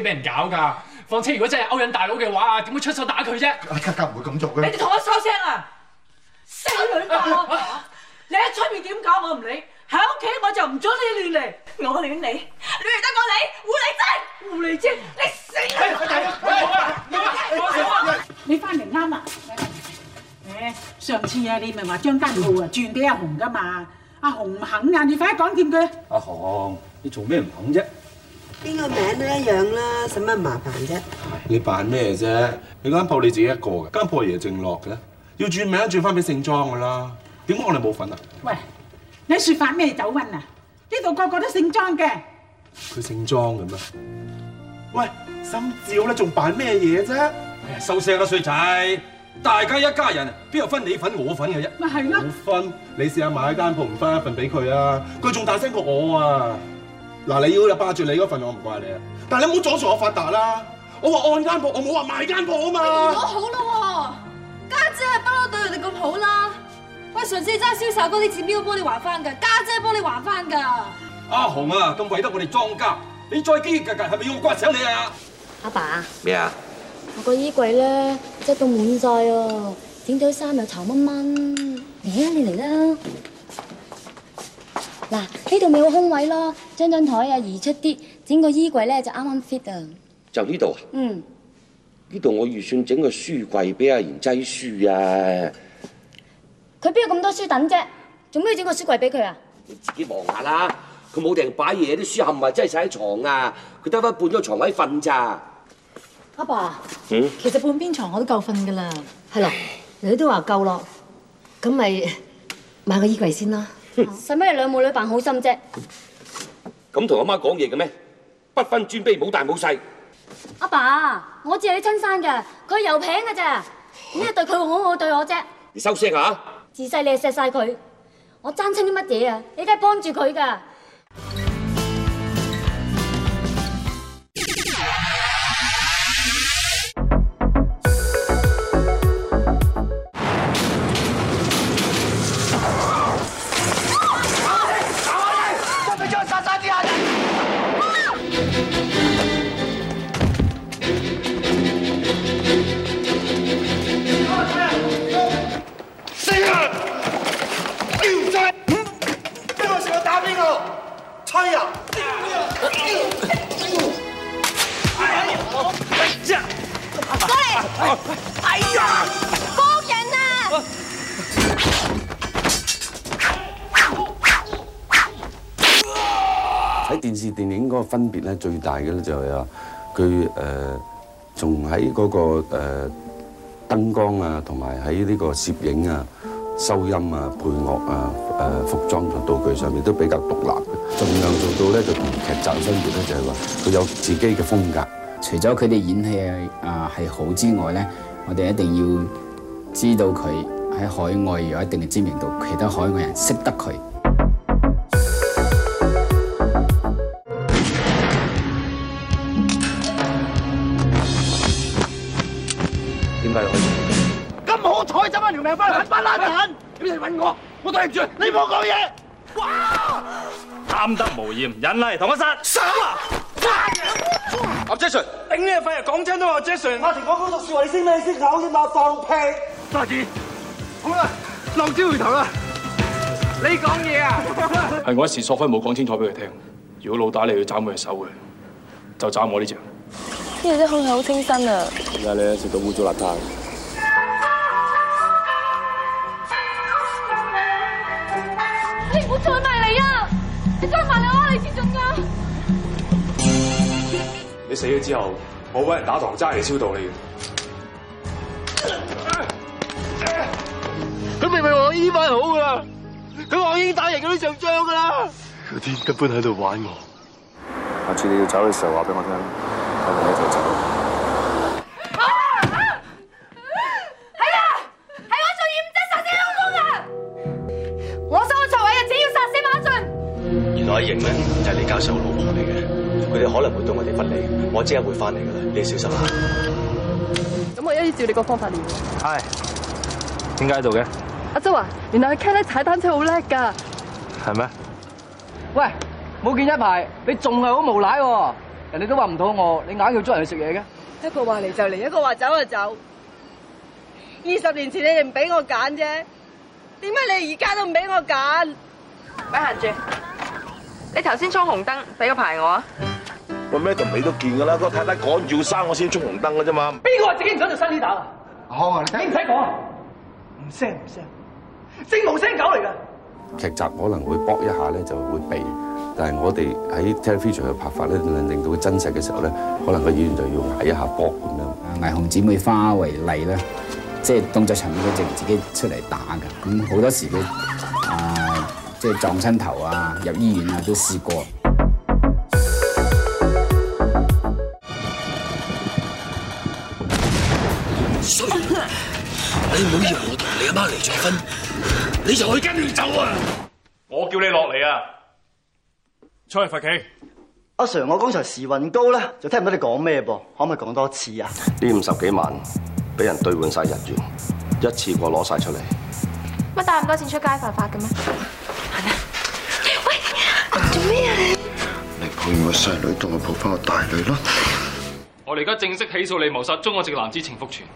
俾人搞噶，況且如果真係勾引大佬嘅話啊，點會出手打佢啫？格格唔會咁做嘅。你哋同我收聲啊！死女人，你喺出面點搞我唔理，喺屋企我就唔準你亂嚟。我亂嚟，亂嚟得過你？狐狸精，狐狸精，你死啦！你翻嚟啱啦，誒，上次啊，你咪話張間鋪啊，轉俾阿紅噶嘛，阿紅唔肯呀，你快啲講掂佢。阿紅，你做咩唔肯啫？邊個名都一樣啦，使乜麻煩啫？你扮咩啫？你間鋪你自己一個嘅，間鋪爺正落嘅，要轉名都轉翻俾姓莊嘅啦。點解我哋冇份啊？喂，你說話咩走運啊？呢度個個都姓莊嘅。佢姓莊嘅咩？喂，心照啦，仲扮咩嘢啫？哎呀，收聲啦衰仔！大家一家人，邊有分你份我份嘅啫？咪係咯。冇分，你試下買間鋪唔分一份俾佢啊！佢仲大聲過我啊！嗱，你要就霸住你嗰份，我唔怪你啊。但係你唔好阻住我發達啦。我話按間鋪，我冇話賣間鋪啊嘛你。你好啦，家姐不嬲對人哋咁好啦。喂，上次爭銷售哥啲錢邊個幫你還翻㗎？家姐，姐幫你還翻㗎。阿紅啊，咁為得我哋莊家，你再黐緊緊係咪要我刮醒你啊？阿爸，爸。咩啊麼？我個衣櫃咧擠到滿曬哦，整堆衫又臭掹掹，嚟，你嚟啦！嗱，呢度咪好空位咯，將張枱啊移出啲，整個衣櫃咧就啱啱 fit 啊！就呢度啊？嗯，呢度我預算整個書櫃俾阿賢擠書啊！佢邊有咁多書等啫？做咩要整個書櫃俾佢啊？你自己望下啦，佢冇定擺嘢，啲書冚真擠晒喺床啊！佢得返半個床位瞓咋？阿爸，嗯，其實半邊床我都夠瞓㗎啦。係咯，你都話夠咯，咁咪買個衣櫃先啦。使咩？你兩母女扮好心啫？咁同阿媽講嘢嘅咩？不分尊卑，冇大冇細。阿爸，我只係你親生嘅，佢油瓶嘅咋？點解對佢好好對我啫？你收聲吓！自細你係錫晒佢，我爭清啲乜嘢啊？你都係幫住佢噶。哎呀！國人啊！喺電視電影嗰個分別咧，最大嘅咧就係話，佢誒從喺嗰個誒燈光啊，同埋喺呢個攝影啊、收音啊、配樂啊、誒服裝同道具上面都比較獨立，盡量做到咧就同劇集分別咧，就係話佢有自己嘅風格。除咗佢哋演戲啊係好之外咧，我哋一定要知道佢喺海外有一定嘅知名度，其他海外人識得佢。點解咁好彩執翻條命翻嚟？巴拿坦，你嚟揾我，我對唔住，你冇講嘢。哇！貪得無厭，忍嚟同我殺。殺啊！啊啊阿 Jason，頂你個肺啊！講真都話，Jason，阿婷講嗰度説話，你識咩先？口啫嘛！放屁！浪子！好啦，浪子回頭啦！你講嘢啊！係我一時疏忽冇講清楚俾佢聽。如果老大你要斬佢隻手嘅，就斬我呢隻。呢日啲空氣好清新啊！而家你食到污糟邋遢。你唔好再埋嚟啊！你再埋。死咗之後，我畀人打堂齋嚟超度你嘅。佢明明話我醫翻好噶啦，佢話我已經打贏嗰啲場仗噶啦。嗰啲根本喺度玩我。下次你要走嘅時候話俾我聽，我同你一走。啊！係啊！係、啊、我最唔使殺死老公啊！我上台嘅啊，只要殺死馬俊。 [noise] 原來阿盈咧就係你教授。你哋可能會對我哋不利，我即刻會翻嚟噶啦，你小心啦。咁我一於照你個方法嚟。係。點解喺度嘅？阿周啊，原來佢 Kelly 踩單車好叻噶。係咩嗎？喂，冇見一排，你仲係好無賴喎！人哋都話唔到我，你硬要捉人去食嘢嘅。一個話嚟就嚟，一個話走就走。二十年前你哋唔俾我揀啫，點解你而家都唔俾我揀？咪行住。你頭先衝紅燈，俾個牌我啊！我咩同你都見噶啦，我太太趕要生，我先衝紅燈噶啫嘛。邊個話自己唔想就生啲打啦好啊？你睇唔使講？唔聲唔聲，聲無聲狗嚟噶。劇集可能會搏一下咧，就會避。但係我哋喺 television 嘅拍法咧，令到佢真實嘅時候咧，可能個演員就要捱一下搏咁樣。捱紅姊妹花為例啦，即係動作場面佢淨係自己出嚟打㗎。咁好多時咧啊，即係撞親頭啊，入醫院啊都試過。你唔好以為我同你阿媽離咗婚，你就可以跟住走啊！我叫你落嚟啊！出去罰企。阿 Sir，我剛才時運高咧，就聽唔到你講咩噃，可唔可以講多次啊？呢五十幾萬俾人兌換晒日元，一次過攞晒出嚟。乜帶咁多錢出街犯法嘅咩？喂，做咩啊？你你抱完個細女，同我抱翻個大女咯。我哋而家正式起訴你謀殺中國籍男子程福全。